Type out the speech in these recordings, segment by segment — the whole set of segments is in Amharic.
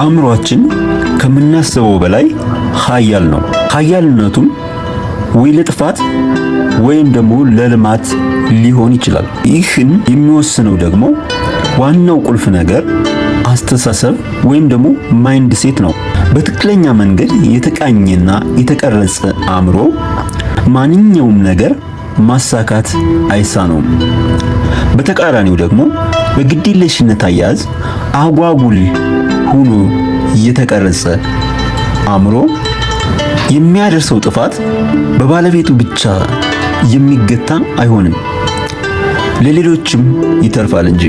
አእምሯችን ከምናስበው በላይ ኃያል ነው። ኃያልነቱም ወይ ለጥፋት ወይም ደግሞ ለልማት ሊሆን ይችላል። ይህን የሚወስነው ደግሞ ዋናው ቁልፍ ነገር አስተሳሰብ ወይም ደግሞ ማይንድ ሴት ነው። በትክክለኛ መንገድ የተቃኘና የተቀረጸ አእምሮ ማንኛውም ነገር ማሳካት አይሳነውም። በተቃራኒው ደግሞ በግዴለሽነት አያያዝ አጓጉል ሁሉ የተቀረጸ አእምሮ የሚያደርሰው ጥፋት በባለቤቱ ብቻ የሚገታ አይሆንም፣ ለሌሎችም ይተርፋል እንጂ።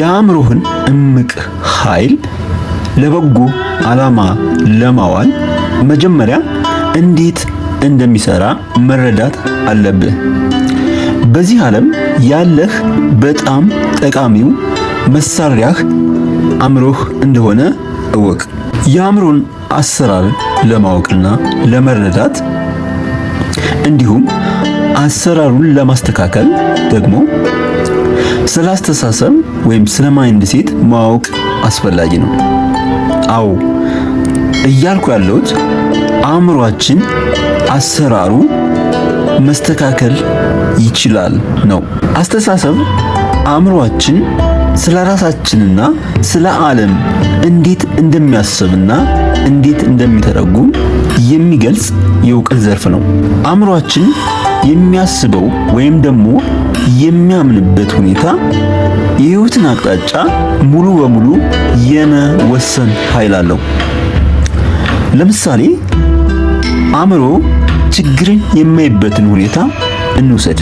የአእምሮህን እምቅ ኃይል ለበጎ ዓላማ ለማዋል መጀመሪያ እንዴት እንደሚሰራ መረዳት አለብህ። በዚህ ዓለም ያለህ በጣም ጠቃሚው መሳሪያህ አእምሮህ እንደሆነ እወቅ። የአእምሮን አሰራር ለማወቅና ለመረዳት እንዲሁም አሰራሩን ለማስተካከል ደግሞ ስለ አስተሳሰብ ወይም ስለ ማይንድ ሴት ማወቅ አስፈላጊ ነው። አዎ እያልኩ ያለሁት አእምሯችን አሰራሩ መስተካከል ይችላል ነው። አስተሳሰብ አእምሯችን ስለ ራሳችንና ስለ ዓለም እንዴት እንደሚያስብና እንዴት እንደሚተረጉም የሚገልጽ የእውቀት ዘርፍ ነው። አእምሯችን የሚያስበው ወይም ደግሞ የሚያምንበት ሁኔታ የህይወትን አቅጣጫ ሙሉ በሙሉ የመወሰን ኃይል አለው። ለምሳሌ አእምሮ ችግርን የማይበትን ሁኔታ እንውሰድ።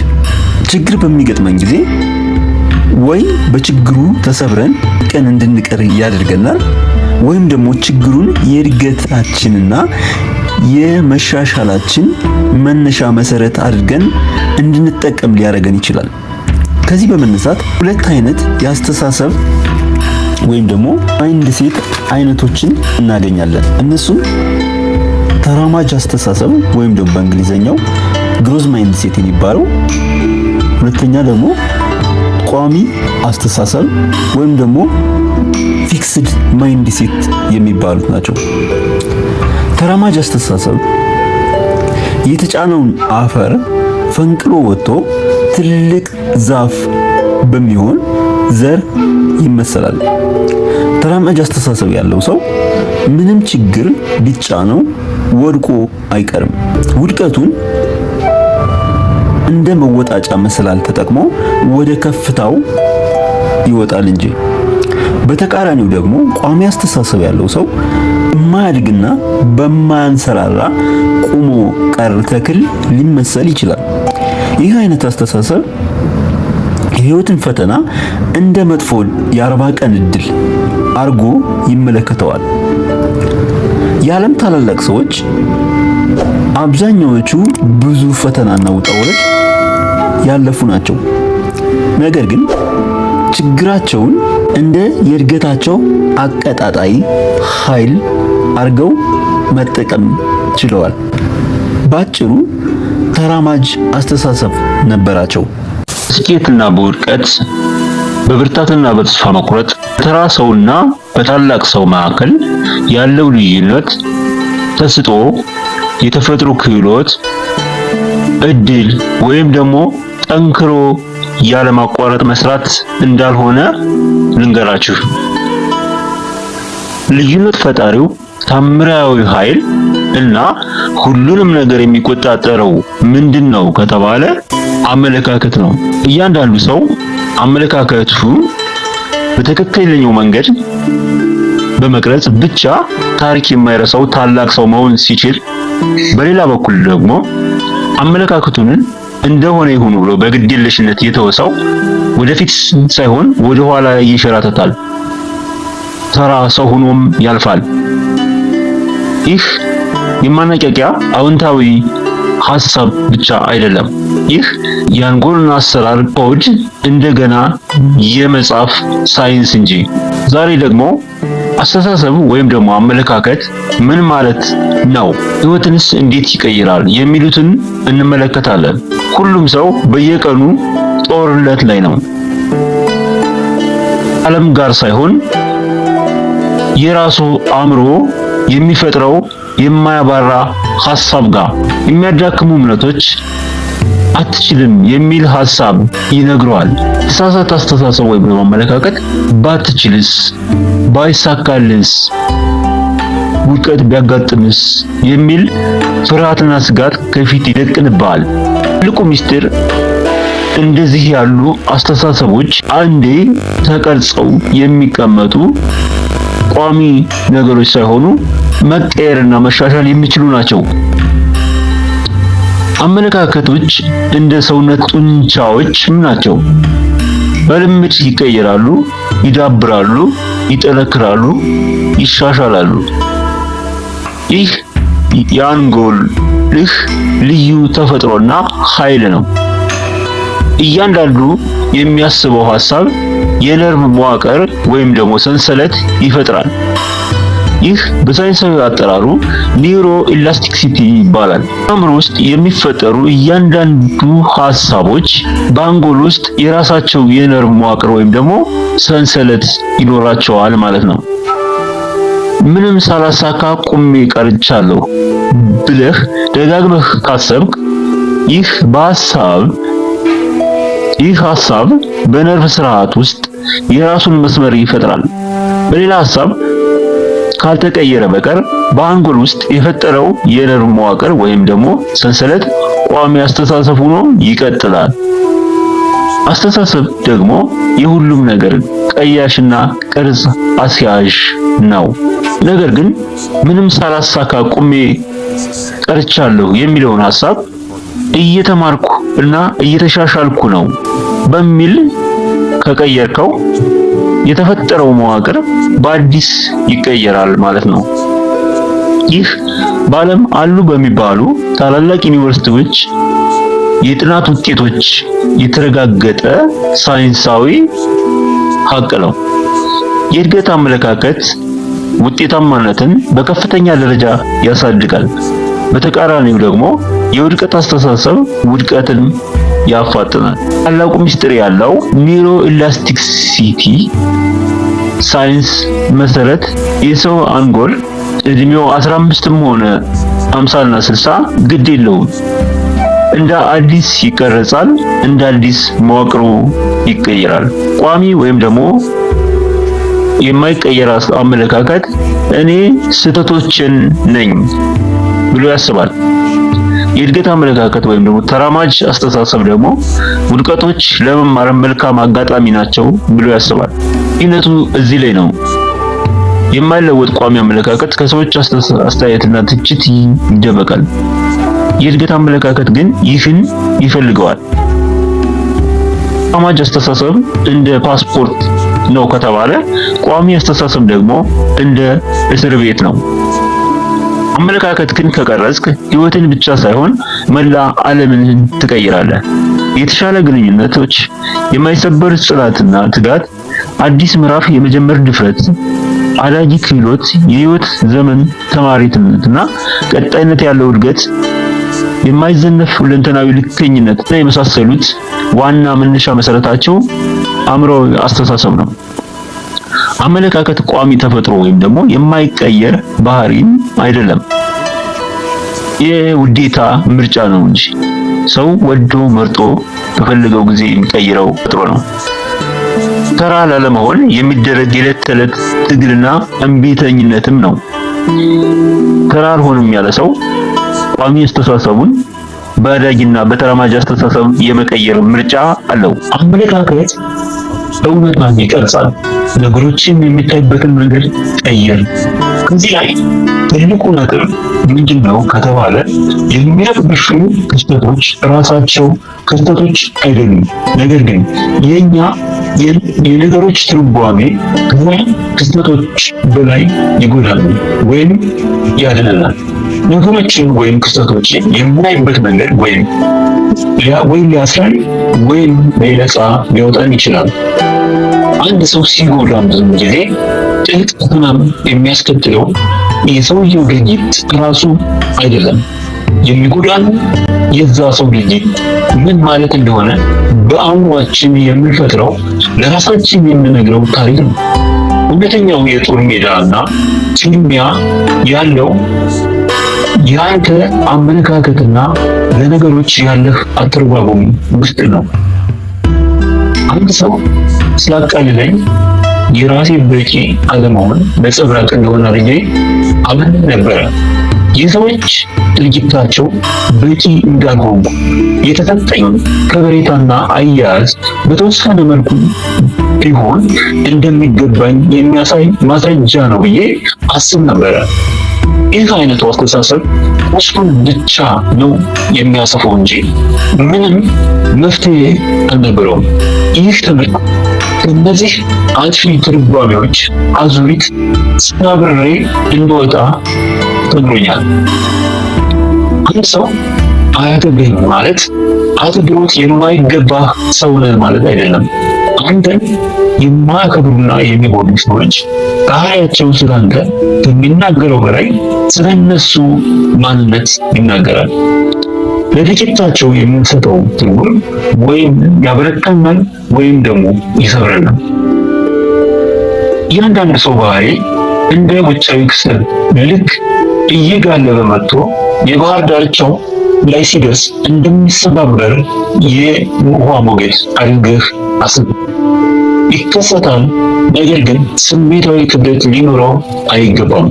ችግር በሚገጥመን ጊዜ ወይ በችግሩ ተሰብረን ቀን እንድንቀር ያደርገናል ወይም ደግሞ ችግሩን የእድገታችንና የመሻሻላችን መነሻ መሰረት አድርገን እንድንጠቀም ሊያደርገን ይችላል። ከዚህ በመነሳት ሁለት አይነት የአስተሳሰብ ወይም ደግሞ ማይንድ ሴት አይነቶችን እናገኛለን። እነሱም ተራማጅ አስተሳሰብ ወይም ደግሞ በእንግሊዘኛው ግሮዝ ማይንድ ሴት የሚባለው፣ ሁለተኛ ደግሞ ቋሚ አስተሳሰብ ወይም ደግሞ ፊክስድ ማይንድ ሴት የሚባሉት ናቸው። ተራማጅ አስተሳሰብ የተጫነውን አፈር ፈንቅሎ ወጥቶ ትልቅ ዛፍ በሚሆን ዘር ይመሰላል። ተራማጅ አስተሳሰብ ያለው ሰው ምንም ችግር ቢጫነው ወድቆ አይቀርም። ውድቀቱን እንደ መወጣጫ መሰላል ተጠቅሞ ወደ ከፍታው ይወጣል እንጂ። በተቃራኒው ደግሞ ቋሚ አስተሳሰብ ያለው ሰው የማያድግና በማያንሰራራ ቁሞ ቀር ተክል ሊመሰል ይችላል። ይህ አይነት አስተሳሰብ የህይወትን ፈተና እንደ መጥፎ የአርባ ቀን እድል አርጎ ይመለከተዋል። የዓለም ታላላቅ ሰዎች አብዛኛዎቹ ብዙ ፈተናና ውጣ ውረድ ያለፉ ናቸው። ነገር ግን ችግራቸውን እንደ የእድገታቸው አቀጣጣይ ኃይል አድርገው መጠቀም ችለዋል። ባጭሩ ተራማጅ አስተሳሰብ ነበራቸው። ስኬትና በውድቀት በብርታትና በተስፋ መቁረጥ በተራ ሰውና በታላቅ ሰው መካከል ያለው ልዩነት ተስጦ፣ የተፈጥሮ ክህሎት፣ እድል ወይም ደግሞ ጠንክሮ ያለማቋረጥ መስራት እንዳልሆነ ልንገራችሁ። ልዩነት ፈጣሪው ታምራዊ ኃይል እና ሁሉንም ነገር የሚቆጣጠረው ምንድን ነው ከተባለ አመለካከት ነው። እያንዳንዱ ሰው አመለካከቱ በትክክለኛው መንገድ በመቅረጽ ብቻ ታሪክ የማይረሳው ታላቅ ሰው መሆን ሲችል፣ በሌላ በኩል ደግሞ አመለካከቱን እንደሆነ ይሁኑ ብሎ በግዴለሽነት የተወሰው ወደፊት ሳይሆን ወደኋላ ይሸራተታል ተራ ሰው ሆኖም ያልፋል። ይህ የማነቃቂያ አዎንታዊ ሐሳብ ብቻ አይደለም። ይህ የአንጎልን አሰራር ኮድ እንደገና የመጻፍ ሳይንስ እንጂ። ዛሬ ደግሞ አስተሳሰብ ወይም ደግሞ አመለካከት ምን ማለት ነው? ህይወትንስ እንዴት ይቀይራል? የሚሉትን እንመለከታለን። ሁሉም ሰው በየቀኑ ጦርነት ላይ ነው። ዓለም ጋር ሳይሆን የራሱ አእምሮ የሚፈጥረው የማያባራ ሐሳብ ጋር የሚያዳክሙ እምነቶች አትችልም የሚል ሐሳብ ይነግረዋል። ተሳሳተ አስተሳሰብ ወይ ብሎ ባትችልስ፣ ባይሳካልስ፣ ውድቀት ቢያጋጥምስ የሚል ፍርሃትና ስጋት ከፊት ይደቅንብሃል። ትልቁ ምስጢር እንደዚህ ያሉ አስተሳሰቦች አንዴ ተቀርጸው የሚቀመጡ ቋሚ ነገሮች ሳይሆኑ መቀየርና መሻሻል የሚችሉ ናቸው። አመለካከቶች እንደ ሰውነት ጡንቻዎች ናቸው። በልምድ ይቀየራሉ፣ ይዳብራሉ፣ ይጠነክራሉ፣ ይሻሻላሉ። ይህ የአንጎልህ ልዩ ተፈጥሮና ኃይል ነው። እያንዳንዱ የሚያስበው ሐሳብ የነርቭ መዋቅር ወይም ደግሞ ሰንሰለት ይፈጥራል። ይህ በሳይንሳዊ አጠራሩ ኒውሮ ኢላስቲክሲቲ ይባላል። አእምሮ ውስጥ የሚፈጠሩ እያንዳንዱ ሐሳቦች በአንጎል ውስጥ የራሳቸው የነርቭ መዋቅር ወይም ደግሞ ሰንሰለት ይኖራቸዋል ማለት ነው። ምንም ሳላሳካ ቁሜ ቀርቻለሁ ብለህ ደጋግመህ ካሰብክ ይህ በሐሳብ ይህ ሐሳብ በነርቭ ስርዓት ውስጥ የራሱን መስመር ይፈጥራል። በሌላ ሐሳብ ካልተቀየረ በቀር በአንጎል ውስጥ የፈጠረው የነርቭ መዋቅር ወይም ደግሞ ሰንሰለት ቋሚ አስተሳሰብ ሆኖ ይቀጥላል። አስተሳሰብ ደግሞ የሁሉም ነገር ቀያሽና ቅርጽ አስያዥ ነው። ነገር ግን ምንም ሳላሳካ ቁሜ ቀርቻለሁ የሚለውን ሐሳብ እየተማርኩ እና እየተሻሻልኩ ነው በሚል ከቀየርከው የተፈጠረው መዋቅር በአዲስ ይቀየራል ማለት ነው። ይህ በዓለም አሉ በሚባሉ ታላላቅ ዩኒቨርሲቲዎች የጥናት ውጤቶች የተረጋገጠ ሳይንሳዊ ሀቅ ነው። የእድገት አመለካከት ውጤታማነትን በከፍተኛ ደረጃ ያሳድጋል። በተቃራኒው ደግሞ የውድቀት አስተሳሰብ ውድቀትን ያፋጥናል። ታላቁ ምስጢር ያለው ኒሮ ኢላስቲክሲቲ ሳይንስ መሰረት የሰው አንጎል እድሜው 15ም ሆነ 50 እና 60 ግድ የለውም። እንደ አዲስ ይቀረጻል፣ እንደ አዲስ መዋቅሩ ይቀየራል። ቋሚ ወይም ደግሞ የማይቀየር አመለካከት እኔ ስህተቶችን ነኝ ብሎ ያስባል። የእድገት አመለካከት ወይም ደግሞ ተራማጅ አስተሳሰብ ደግሞ ውድቀቶች ለመማር መልካም አጋጣሚ ናቸው ብሎ ያስባል። ይነቱ እዚህ ላይ ነው። የማይለወጥ ቋሚ አመለካከት ከሰዎች አስተያየትና ትችት ይደበቃል። የእድገት አመለካከት ግን ይህን ይፈልገዋል። ተራማጅ አስተሳሰብ እንደ ፓስፖርት ነው ከተባለ ቋሚ አስተሳሰብ ደግሞ እንደ እስር ቤት ነው። አመለካከት ግን ከቀረጽክ ህይወትን ብቻ ሳይሆን መላ ዓለምን ትቀይራለህ። የተሻለ ግንኙነቶች፣ የማይሰበር ጽናትና ትጋት፣ አዲስ ምዕራፍ የመጀመር ድፍረት፣ አዳጊ ክህሎት፣ የህይወት ዘመን ተማሪነትና ቀጣይነት ያለው እድገት፣ የማይዘነፍ ሁለንተናዊ ልከኝነት የመሳሰሉት ዋና መነሻ መሰረታቸው አእምሮዊ አስተሳሰብ ነው። አመለካከት ቋሚ ተፈጥሮ ወይም ደግሞ የማይቀየር ባህሪም አይደለም። የውዴታ ምርጫ ነው እንጂ ሰው ወዶ መርጦ በፈለገው ጊዜ የሚቀይረው ተፈጥሮ ነው። ተራ ላለመሆን የሚደረግ የዕለት ተዕለት ትግልና እምቢተኝነትም ነው። ተራ አልሆንም ያለ ሰው ቋሚ አስተሳሰቡን በአዳጊና በተራማጅ አስተሳሰብ የመቀየር ምርጫ አለው። አመለካከት እውነቷን ይቀርጻል። ነገሮችን የሚታይበትን መንገድ ቀየር። ከዚህ ላይ ትልቁ ነጥብ ምንድን ነው ከተባለ የሚረብሹ ክስተቶች ራሳቸው ክስተቶች አይደሉም። ነገር ግን የኛ የነገሮች ትርጓሜ ወይም ክስተቶች በላይ ይጎዳሉ ወይም ያድነናል። ነገሮችን ወይም ክስተቶችን የምናይበት መንገድ ወይም ወይም ሊያስራን ወይም ሊነጻ ሊወጣን ይችላል። አንድ ሰው ሲጎዳ ብዙ ጊዜ ጥልቅ ህመም የሚያስከትለው የሰውየው ድርጊት ራሱ አይደለም። የሚጎዳን የዛ ሰው ድርጊት ምን ማለት እንደሆነ በአእምሯችን የምንፈጥረው ለራሳችን የምንነግረው ታሪክ ነው። እውነተኛው የጦር ሜዳ እና ያለው የአንተ አመለካከትና ለነገሮች ያለህ አተረጓጎም ውስጥ ነው። አንድ ሰው ስላቃልለኝ የራሴ በቂ አለመሆን ነጸብራቅ እንደሆነ አድርጌ አምን ነበረ። የሰዎች ድርጊታቸው በቂ እንዳልሆኑ የተሰጠኝ ከበሬታና አያያዝ በተወሰነ መልኩ ቢሆን እንደሚገባኝ የሚያሳይ ማስረጃ ነው ብዬ አስብ ነበረ። ይህ አይነቱ አስተሳሰብ ውስጡን ብቻ ነው የሚያሰፈው እንጂ ምንም መፍትሄ አልነበረውም። ይህ ትምህርት እነዚህ አጥፊ ትርጓሜዎች አዙሪት ስናብሬ እንደወጣ ተግሮኛል። አንድ ሰው አያገብህም ማለት አክብሮት የማይገባ ሰው ነህ ማለት አይደለም። አንተን የማያከብሩና የሚጎዱ ሰዎች ባህሪያቸው ስለአንተ ከሚናገረው በላይ ስለነሱ ማንነት ይናገራል። ለድርጊታቸው የምንሰጠው ትርጉም ወይም ያበረታናል ወይም ደግሞ ይሰብረናል። እያንዳንድ ሰው ባህሪ እንደ ውጫዊ ክስተት ልክ እየጋለበ መጥቶ የባህር ዳርቻው ላይ ሲደርስ እንደሚሰባበር የውሃ ሞገድ አድርገህ አስብ። ይከሰታል፣ ነገር ግን ስሜታዊ ክብደት ሊኖረው አይገባም።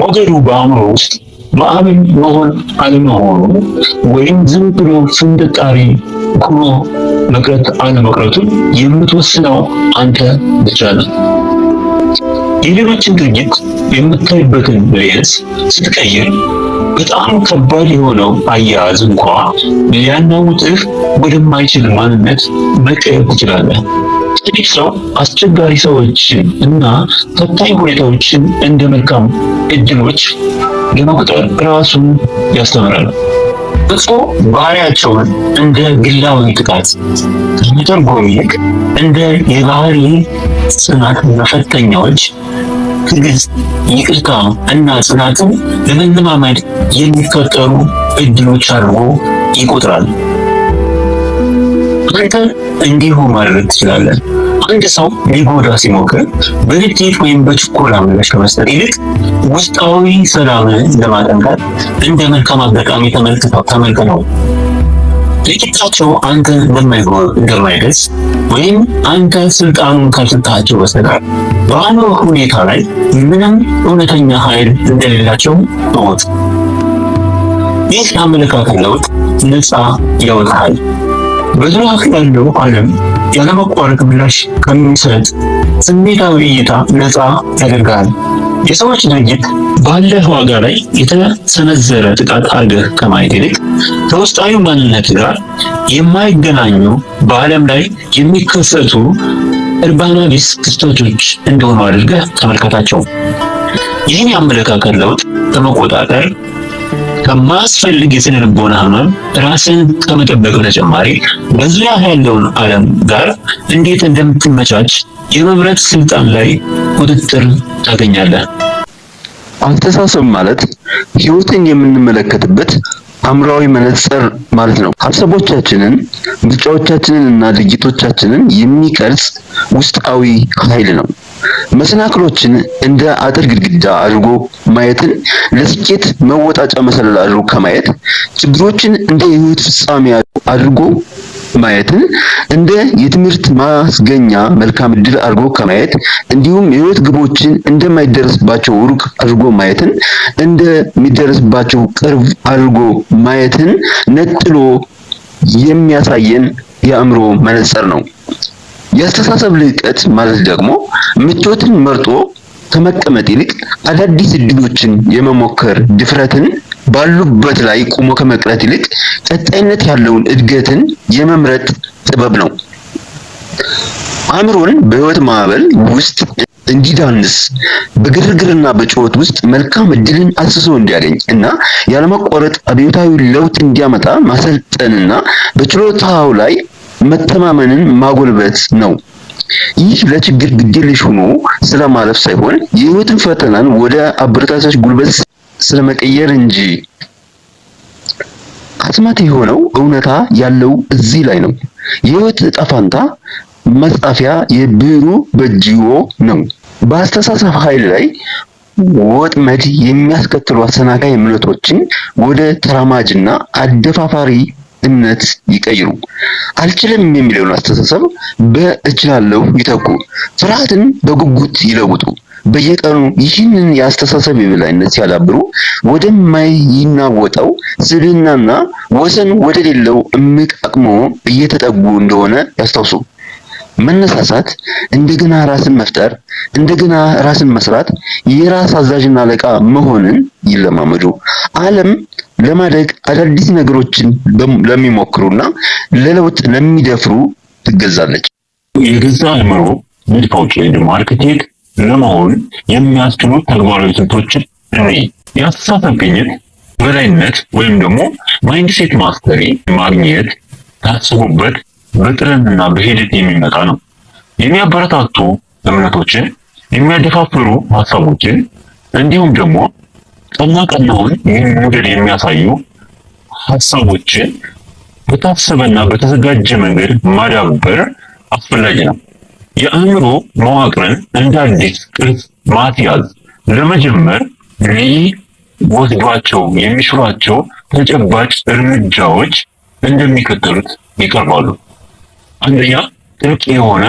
ሞገዱ በአእምሮ ውስጥ ማዕበል መሆን አለመሆኑ ወይም ዝም ብሎ ፍንድቃሪ ሆኖ መቅረት አለመቅረቱን የምትወስነው አንተ ብቻ ነው። የሌሎችን ድርጊት የምታይበትን ሌንስ ስትቀይር በጣም ከባድ የሆነው አያያዝ እንኳ ሊያናውጥህ ወደማይችል ማንነት መቀየር ትችላለህ። ጥቂት ሰው አስቸጋሪ ሰዎችን እና ፈታኝ ሁኔታዎችን እንደ መልካም እድሎች ለመቁጠር ራሱን ያስተምራል። ፍጹም ባህሪያቸውን እንደ ግላዊ ጥቃት ከመተርጎም ይልቅ እንደ የባህሪ ጽናት መፈተኛዎች ትዕግስት፣ ይቅርታ እና ጽናትን ለመለማመድ የሚፈጠሩ እድሎች አድርጎ ይቆጥራል። አንተ እንዲሁ ማድረግ ትችላለን። አንድ ሰው ሊጎዳ ሲሞክር በንዴት ወይም በችኮላ ምላሽ ከመስጠት ይልቅ ውስጣዊ ሰላምን ለማጠንቀር እንደ መልካም አጋጣሚ ነው። ድርጊታቸው አንተ እንደማይሆን ወይም አንተ ስልጣኑን ካልሰጣቸው በስተቀር በአንዱ ሁኔታ ላይ ምንም እውነተኛ ኃይል እንደሌላቸው እወቅ። ይህ አመለካከት ለውጥ ነፃ ያወጣሃል። በዙሪያህ ያለው ዓለም ያለመቋረጥ ምላሽ ከሚሰጥ ስሜታዊ እይታ ነፃ ያደርጋል። የሰዎች ድርጊት ባለህ ዋጋ ላይ የተሰነዘረ ጥቃት አድርገህ ከማየት ይልቅ ከውስጣዊ ማንነት ጋር የማይገናኙ በዓለም ላይ የሚከሰቱ እርባና ቢስ ክስተቶች እንደሆኑ አድርገህ ተመልከታቸው። ይህን የአመለካከት ለውጥ በመቆጣጠር ከማስፈልግ የስነ ልቦና ህመም ራስን ከመጠበቅ በተጨማሪ በዙሪያ ያለውን ዓለም ጋር እንዴት እንደምትመቻች የመምረጥ ስልጣን ላይ ቁጥጥር ታገኛለህ። አስተሳሰብ ማለት ህይወትን የምንመለከትበት አእምሯዊ መነጽር ማለት ነው። ሀሳቦቻችንን፣ ምርጫዎቻችንን እና ድርጊቶቻችንን የሚቀርጽ ውስጣዊ ኃይል ነው። መሰናክሎችን እንደ አጥር ግድግዳ አድርጎ ማየትን ለስኬት መወጣጫ መሰላል አድርጎ ከማየት ችግሮችን እንደ የህይወት ፍጻሜ አድርጎ ማየትን እንደ የትምህርት ማስገኛ መልካም እድል አድርጎ ከማየት እንዲሁም የህይወት ግቦችን እንደማይደረስባቸው ሩቅ አድርጎ ማየትን እንደሚደረስባቸው ቅርብ አድርጎ ማየትን ነጥሎ የሚያሳየን የአእምሮ መነጽር ነው። የአስተሳሰብ ልዕቀት ማለት ደግሞ ምቾትን መርጦ ከመቀመጥ ይልቅ አዳዲስ እድሎችን የመሞከር ድፍረትን ባሉበት ላይ ቆሞ ከመቅረት ይልቅ ቀጣይነት ያለውን እድገትን የመምረጥ ጥበብ ነው። አእምሮን በህይወት ማዕበል ውስጥ እንዲዳንስ በግርግርና በጩኸት ውስጥ መልካም እድልን አስሶ እንዲያገኝ እና ያለማቋረጥ አብዮታዊ ለውጥ እንዲያመጣ ማሰልጠንና በችሎታው ላይ መተማመንን ማጎልበት ነው። ይህ ለችግር ግዴለሽ ሆኖ ስለማለፍ ሳይሆን የህይወትን ፈተናን ወደ አበረታታች ጉልበት ስለመቀየር እንጂ አስማት የሆነው እውነታ ያለው እዚህ ላይ ነው። የህይወት ጣፋንታ መጻፊያ የብሩ በጅዎ ነው። በአስተሳሰብ ኃይል ላይ ወጥመድ የሚያስከትሉ አሰናካይ እምነቶችን ወደ ተራማጅና አደፋፋሪ እምነት ይቀይሩ። አልችልም የሚለውን አስተሳሰብ በእችላለሁ ይተኩ። ፍርሃትን በጉጉት ይለውጡ። በየቀኑ ይህንን የአስተሳሰብ የበላይነት ሲያዳብሩ ወደማይናወጠው ስብዕናና ወሰን ወደሌለው እምቅ አቅሞ እየተጠጉ እንደሆነ ያስታውሱ። መነሳሳት፣ እንደገና ራስን መፍጠር፣ እንደገና ራስን መስራት፣ የራስ አዛዥና አለቃ መሆንን ይለማመዱ። ዓለም ለማደግ አዳዲስ ነገሮችን ለሚሞክሩና ለለውጥ ለሚደፍሩ ትገዛለች። የገዛ አእምሮ ንድፎች ወይ ደግሞ አርክቴክ ለመሆን የሚያስችሉ ተግባራዊ ስልቶችን ሪ የአስተሳሰብ ግኝት በላይነት ወይም ደግሞ ማይንድሴት ማስተሪ ማግኘት ታስቡበት በጥረትና በሂደት የሚመጣ ነው። የሚያበረታቱ እምነቶችን፣ የሚያደፋፍሩ ሀሳቦችን እንዲሁም ደግሞ ጠላቅና ይህን ሞዴል የሚያሳዩ ሀሳቦችን በታሰበና በተዘጋጀ መንገድ ማዳበር አስፈላጊ ነው። የአእምሮ መዋቅርን እንደ አዲስ ቅርጽ ማትያዝ ለመጀመር ሊወስዷቸው የሚችሏቸው ተጨባጭ እርምጃዎች እንደሚከተሉት ይቀርባሉ። አንደኛ፣ ጥልቅ የሆነ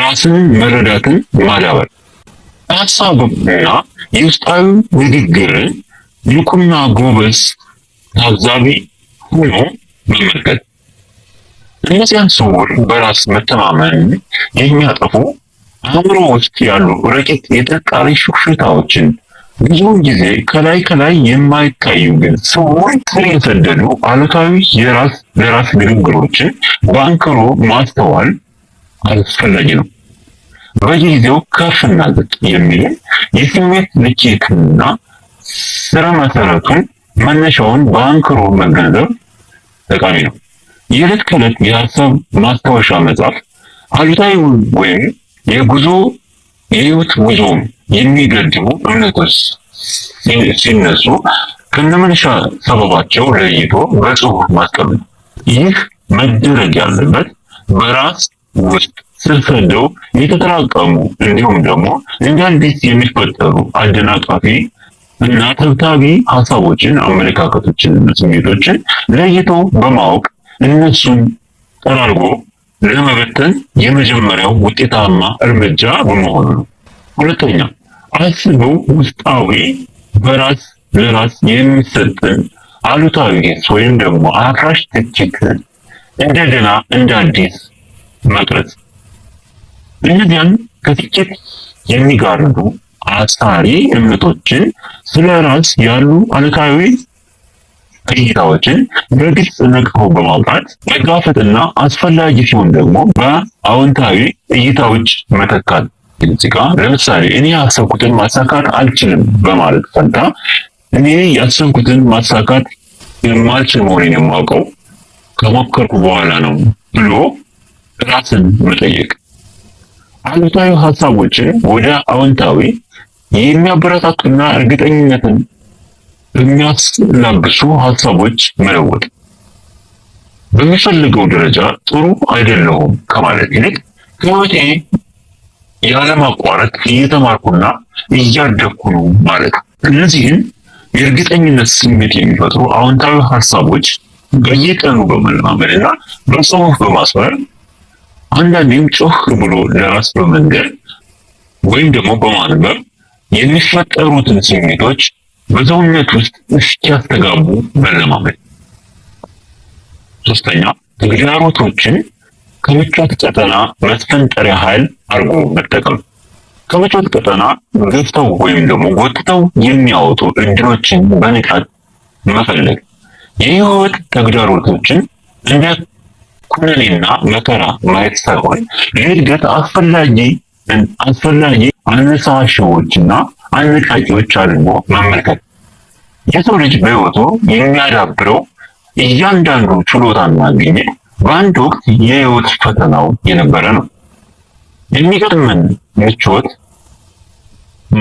ራስን መረዳትን ማዳበር ሀሳብና የውስጣዊ ንግግርን ልኩና ጎበዝ ታዛቢ ሆኖ መመልከት። እነዚያን ሰዎች በራስ መተማመን የሚያጠፉ አእምሮ ውስጥ ያሉ ረቂቅ የጥርጣሬ ሹክሹክታዎችን ብዙ ጊዜ ከላይ ከላይ የማይታዩ ግን ስውር ስር የሰደዱ አሉታዊ የራስ ለራስ ንግግሮችን በአንክሮ ማስተዋል አስፈላጊ ነው። በጊዜው ከፍና ዝቅ የሚልን የስሜት ልኬትና ስረ መሰረቱን መነሻውን በአንክሮ መገንዘብ ጠቃሚ ነው። የዕለት ከዕለት የሀሳብ ማስታወሻ መጽሐፍ አሉታዊ ወይም የጉዞ የህይወት ጉዞም የሚገድቡ እምነቶች ሲነሱ ከነመነሻ ሰበባቸው ለይቶ በጽሁፍ ማስቀመጥ። ይህ መደረግ ያለበት በራስ ውስጥ ስንሰደው የተጠራቀሙ እንዲሁም ደግሞ አዲስ የሚፈጠሩ አደናቃፊ እና ተብታቢ ሀሳቦችን፣ አመለካከቶችን፣ ስሜቶችን ለይቶ በማወቅ እነሱን ጠራርጎ ለመበተን የመጀመሪያው ውጤታማ እርምጃ በመሆኑ ነው። ሁለተኛ አስበው ውስጣዊ በራስ ለራስ የሚሰጥን አሉታዊ ጌስ ወይም ደግሞ አፍራሽ ትችትን እንደገና እንደ አዲስ መቅረጽ እነዚያን ከትችት የሚጋርዱ አሳሪ እምነቶችን፣ ስለ ራስ ያሉ አነካዊ እይታዎችን በግልጽ ነቅፎ በማውጣት መጋፈጥና አስፈላጊ ሲሆን ደግሞ በአዎንታዊ እይታዎች መተካት። እዚህ ጋ ለምሳሌ እኔ ያሰብኩትን ማሳካት አልችልም በማለት ፈንታ እኔ ያሰብኩትን ማሳካት የማልችል መሆኔን የማውቀው ከሞከርኩ በኋላ ነው ብሎ ራስን መጠየቅ አሉታዊ ሀሳቦችን ወደ አዎንታዊ የሚያበረታቱና እርግጠኝነትን የሚያስላብሱ ሀሳቦች መለወጥ። በሚፈልገው ደረጃ ጥሩ አይደለሁም ከማለት ይልቅ ህይወቴ ያለማቋረጥ እየተማርኩና እያደግኩ ነው ማለት እነዚህን የእርግጠኝነት ስሜት የሚፈጥሩ አዎንታዊ ሀሳቦች በየቀኑ በመለማመድና በጽሁፍ በማስፈር አንዳንዴም ጮህ ብሎ ለራስ በመንገር ወይም ደግሞ በማንበብ የሚፈጠሩትን ስሜቶች በሰውነት ውስጥ እስኪያስተጋቡ መለማመድ። ሶስተኛ ተግዳሮቶችን ከምቾት ቀጠና መስፈንጠር ኃይል አድርጎ መጠቀም። ከምቾት ቀጠና ገፍተው ወይም ደግሞ ጎትተው የሚያወጡ እድሎችን በንቃት መፈለግ የህይወት ተግዳሮቶችን እንደ ኩነኔና መከራ ማየት ሳይሆን የእድገት አስፈላጊ አስፈላጊ አነሳሻዎችና አነቃቂዎች አድርጎ መመልከት። የሰው ልጅ በህይወቱ የሚያዳብረው እያንዳንዱ ችሎታ ግኝት በአንድ ወቅት የህይወት ፈተናው የነበረ ነው። የሚገጥመን ምቾት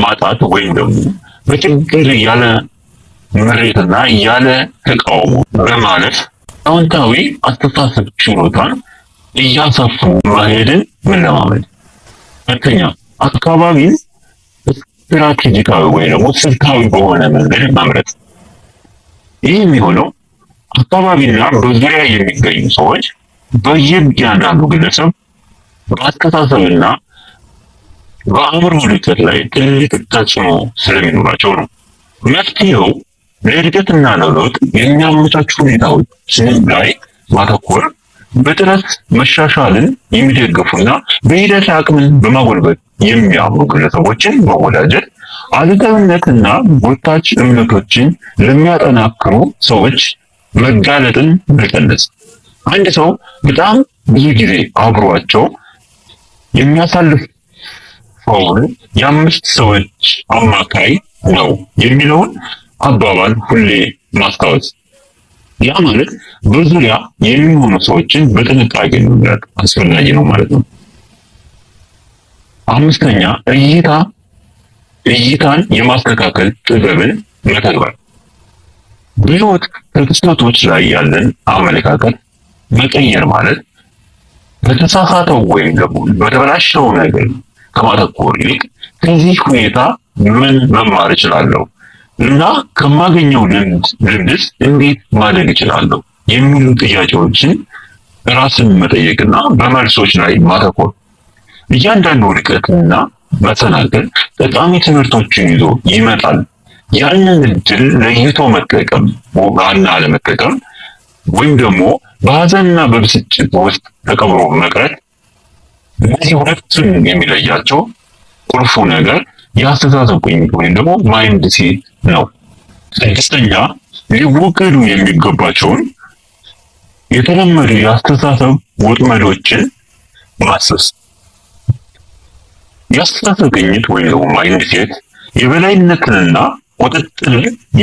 ማጣት ወይም ደግሞ በችግር ያለ ምሬትና ያለ ተቃውሞ በማለፍ አዎንታዊ አስተሳሰብ ችሎታን እያሰፉ መሄድን መለማመድ። ሁለተኛ አካባቢ ስትራቴጂካዊ ወይ ደግሞ ስልታዊ በሆነ መንገድ መምረጥ። ይህ የሚሆነው አካባቢና በዙሪያ የሚገኙ ሰዎች በየእያንዳንዱ ግለሰብ በአስተሳሰብና በአእምሮ ልጠት ላይ ትልቅ ተጽዕኖ ስለሚኖራቸው ነው። መፍትሄው ለእድገትና ለለውጥ የሚያመቻቹ ሁኔታዎች ላይ ማተኮር በጥረት መሻሻልን የሚደግፉና በሂደት አቅምን በማጎልበት የሚያምሩ ግለሰቦችን መወዳጀት፣ አሉታዊነትና ጎታች እምነቶችን ለሚያጠናክሩ ሰዎች መጋለጥን መቀነስ። አንድ ሰው በጣም ብዙ ጊዜ አብሯቸው የሚያሳልፍ የአምስት ሰዎች አማካይ ነው የሚለውን አባባል ሁሌ ማስታወስ። ያ ማለት በዙሪያ የሚሆኑ ሰዎችን በጥንቃቄ መምረጥ አስፈላጊ ነው ማለት ነው። አምስተኛ እይታ እይታን የማስተካከል ጥበብን መተግበር። በሕይወት ፍልስፍናዎች ላይ ያለን አመለካከት መቀየር ማለት በተሳሳተው ወይም ደግሞ በተበላሸው ነገር ከማተኮር ይልቅ ከዚህ ሁኔታ ምን መማር እችላለሁ እና ከማገኘው ልምድስ እንዴት ማደግ እችላለሁ የሚሉ ጥያቄዎችን ራስን መጠየቅና በመልሶች ላይ ማተኮር እያንዳንዱ ውድቀትና መሰናክል ጠቃሚ ትምህርቶችን ይዞ ይመጣል። ያንን እድል ለይቶ መጠቀም እና አለመጠቀም ወይም ደግሞ በሀዘንና በብስጭት ውስጥ ተቀብሮ መቅረት እነዚህ ሁለቱን የሚለያቸው ቁልፉ ነገር የአስተሳሰብ ቁኝት ወይም ደግሞ ማይንድ ሴት ነው። ስድስተኛ ሊወገዱ የሚገባቸውን የተለመዱ የአስተሳሰብ ወጥመዶችን ማሰስ። የአስተሳሰብ ቅኝት ወይም ደግሞ ማይንድ ሴት የበላይነትንና ቁጥጥር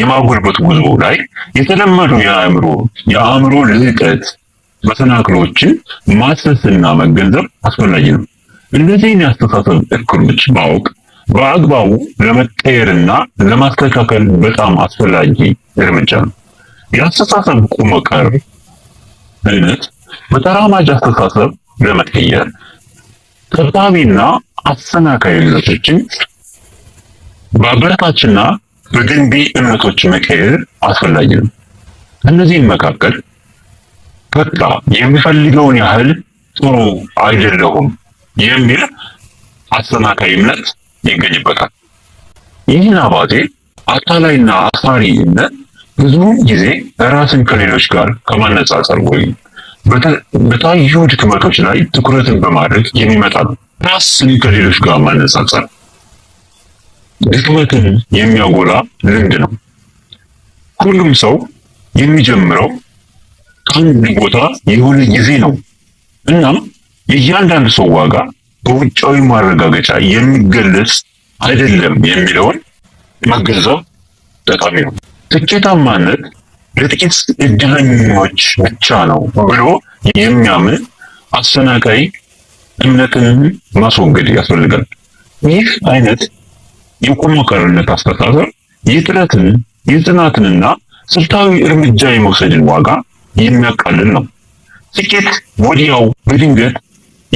የማጎልበት ጉዞ ላይ የተለመዱ የአእምሮ የአእምሮ ልህቀት መሰናክሎችን ማሰስና መገንዘብ አስፈላጊ ነው። እነዚህን የአስተሳሰብ እክሎች ማወቅ በአግባቡ ለመቀየርና ለማስተካከል በጣም አስፈላጊ እርምጃ ነው። የአስተሳሰብ ቁመቀር ቁመቀርነት በተራማጅ አስተሳሰብ ለመቀየር ተብታቢና አሰናካይ እምነቶችን በአበረታችና በገንቢ እምነቶች መቀየር አስፈላጊ ነው። ከእነዚህም መካከል በቃ የሚፈልገውን ያህል ጥሩ አይደለሁም የሚል አሰናካይ እምነት ይገኝበታል። ይህን አባዜ አታላይና አሳሪነት ብዙ ጊዜ ራስን ከሌሎች ጋር ከማነጻጸር ወይም በታዩ ድክመቶች ላይ ትኩረትን በማድረግ የሚመጣ ነው። ራስን ከሌሎች ጋር ማነጻጸር ድክመትን የሚያጎላ ልምድ ነው። ሁሉም ሰው የሚጀምረው ከአንድ ቦታ የሆነ ጊዜ ነው። እናም የእያንዳንዱ ሰው ዋጋ በውጫዊ ማረጋገጫ የሚገለጽ አይደለም የሚለውን መገንዘብ ጠቃሚ ነው። ስኬታማነት ለጥቂት እድለኞች ብቻ ነው ብሎ የሚያምን አሰናቃይ እምነትን ማስወገድ ያስፈልጋል። ይህ አይነት የቁመከርነት አስተሳሰብ የጥረትን የጽናትንና ስልታዊ እርምጃ የመውሰድን ዋጋ የሚያቃልል ነው። ስኬት ወዲያው በድንገት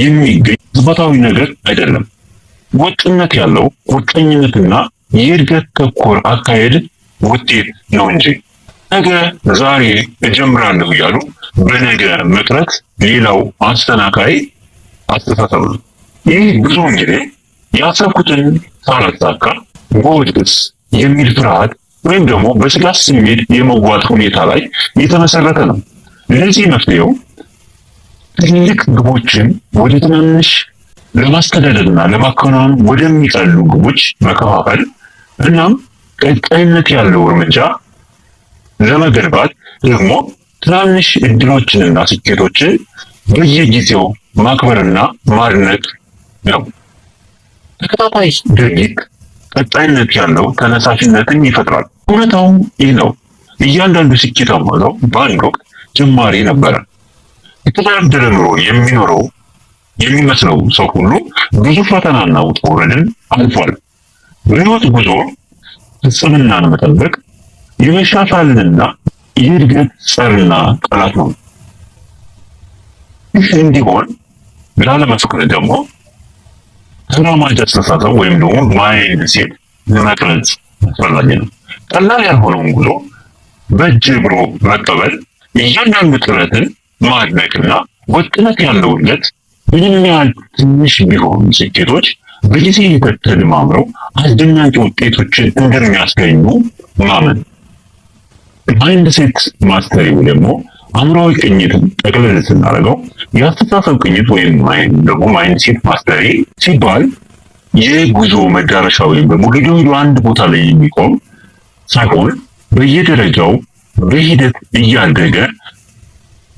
የሚገኝ ዝባታዊ ነገር አይደለም። ወጥነት ያለው ቁርጠኝነትና የእድገት ተኮር አካሄድ ውጤት ነው እንጂ ነገ ዛሬ እጀምራለሁ እያሉ በነገ መቅረት ሌላው አስተናካይ አስተሳሰብ ነው። ይህ ብዙውን ጊዜ ያሰብኩትን ሳላሳካ ጎድስ የሚል ፍርሃት ወይም ደግሞ በስጋት ስሜት የመዋጥ ሁኔታ ላይ የተመሰረተ ነው። ለዚህ መፍትሄው ትልልቅ ግቦችን ወደ ትናንሽ ለማስተዳደርና ለማከናወን ወደሚቀሉ ግቦች መከፋፈል እናም ቀጣይነት ያለው እርምጃ ለመገንባት ደግሞ ትናንሽ እድሎችንና ስኬቶችን በየጊዜው ማክበርና ማድነቅ ነው። ተከታታይ ድርጊት ቀጣይነት ያለው ተነሳሽነትን ይፈጥራል። እውነታው ይህ ነው። እያንዳንዱ ስኬታማ ሰው በአንድ ወቅት ጀማሪ ነበረ። የተደረደረ ኑሮ የሚኖረው የሚመስለው ሰው ሁሉ ብዙ ፈተናና ውጣ ውረድን አልፏል። በህይወት ጉዞ ፍጽምናን መጠበቅ የመሻሻልና የእድገት ጸርና ጠላት ነው። ይህ እንዲሆን ላለመፍቀድ ደግሞ ተራማጅ አስተሳሰብ ወይም ደግሞ ማይንድ ሴት ለመቅረጽ አስፈላጊ ነው። ቀላል ያልሆነውን ጉዞ በእጅ ብሎ መቀበል እያንዳንዱ ጥረትን ማድረግና ወጥነት ያለውለት ምንም ያህል ትንሽ ቢሆኑ ስኬቶች በጊዜ ሂደት ተደማምረው አስደናቂ ውጤቶችን እንደሚያስገኙ ማመን። ማይንድ ሴት ማስተሪው ደግሞ አእምሮአዊ ቅኝትን ጠቅለል ስናደርገው የአስተሳሰብ ቅኝት ወይም ደግሞ ማይንድ ሴት ማስተሪ ሲባል የጉዞ መዳረሻ ወይም ደግሞ ልዩ አንድ ቦታ ላይ የሚቆም ሳይሆን በየደረጃው በሂደት እያደገ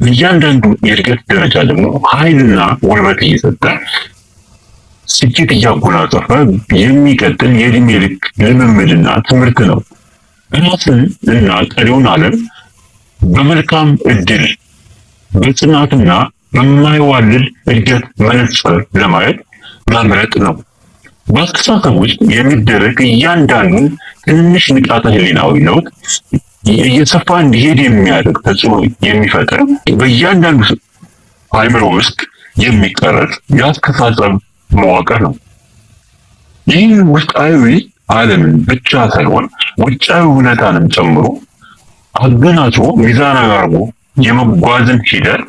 እያንዳንዱ የእድገት ደረጃ ደግሞ ኃይልና ውርበት እየሰጠ ስኬት እያጎናጸፈ የሚቀጥል የእድሜ ልክ ልምምድና ትምህርት ነው። ራስን እና ቀሪውን ዓለም በመልካም እድል በጽናትና በማይዋልድ እድገት መነጽር ለማየት መምረጥ ነው። በአስተሳሰብ ውስጥ የሚደረግ እያንዳንዱን ትንሽ ንቃተ ህሊናዊ ለውጥ እየሰፋ እንዲሄድ የሚያደርግ ተጽዕኖ የሚፈጥር በእያንዳንዱ አይምሮ ውስጥ የሚቀረጽ የአስተሳሰብ መዋቅር ነው። ይህ ውስጣዊ ዓለምን ብቻ ሳይሆን ውጫዊ እውነታንም ጨምሮ አገናዝቦ ሚዛን አርጎ የመጓዝን ሂደት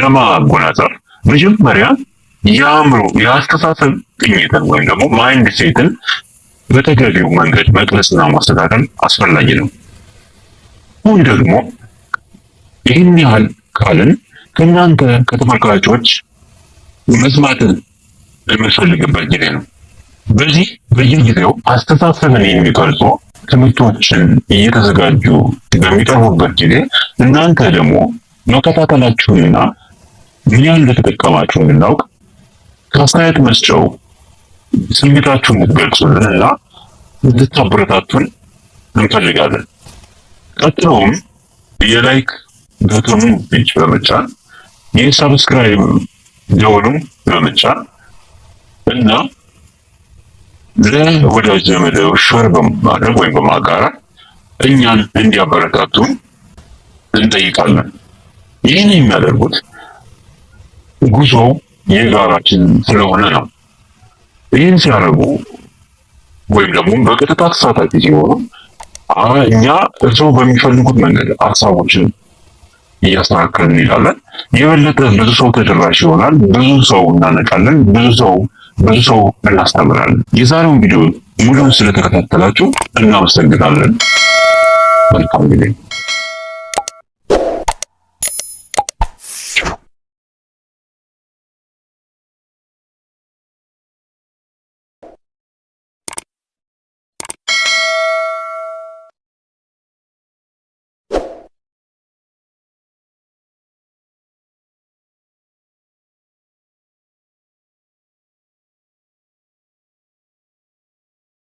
ለማጎናጸፍ መጀመሪያ የአእምሮ የአስተሳሰብ ቅኝትን ወይም ደግሞ ማይንድ ሴትን በተገቢው መንገድ መቅረጽና ማስተካከል አስፈላጊ ነው። አሁን ደግሞ ይህን ያህል ካልን ከእናንተ ከተመልካቾች መስማትን የምንፈልግበት ጊዜ ነው። በዚህ በየጊዜው አስተሳሰብን የሚቀርጹ ትምህርቶችን እየተዘጋጁ በሚቀርቡበት ጊዜ እናንተ ደግሞ መከታተላችሁንና ምን ያህል እንደተጠቀማችሁ እንድናውቅ ከአስተያየት መስጫው ስሜታችሁን እንድትገልጹልን እና እንድታበረታቱን እንፈልጋለን። ቀጥሎም የላይክ በተኑ ፔጅ በመጫን የሰብስክራይብ ደወሉ በመጫን እና ለወዳጅ ዘመድ ሸር በማድረግ ወይም በማጋራት እኛን እንዲያበረታቱ እንጠይቃለን። ይህን የሚያደርጉት ጉዞው የጋራችን ስለሆነ ነው። ይህን ሲያደርጉ ወይም ደግሞ በቀጥታ ተሳታፊ ሲሆኑ እኛ እርስዎ በሚፈልጉት መንገድ ሀሳቦችን እያስተካከል እንሄዳለን። የበለጠ ብዙ ሰው ተደራሽ ይሆናል። ብዙ ሰው እናነቃለን። ብዙ ሰው ብዙ ሰው እናስተምራለን። የዛሬውን ቪዲዮ ሙሉን ስለተከታተላችሁ እናመሰግናለን። መልካም ጊዜ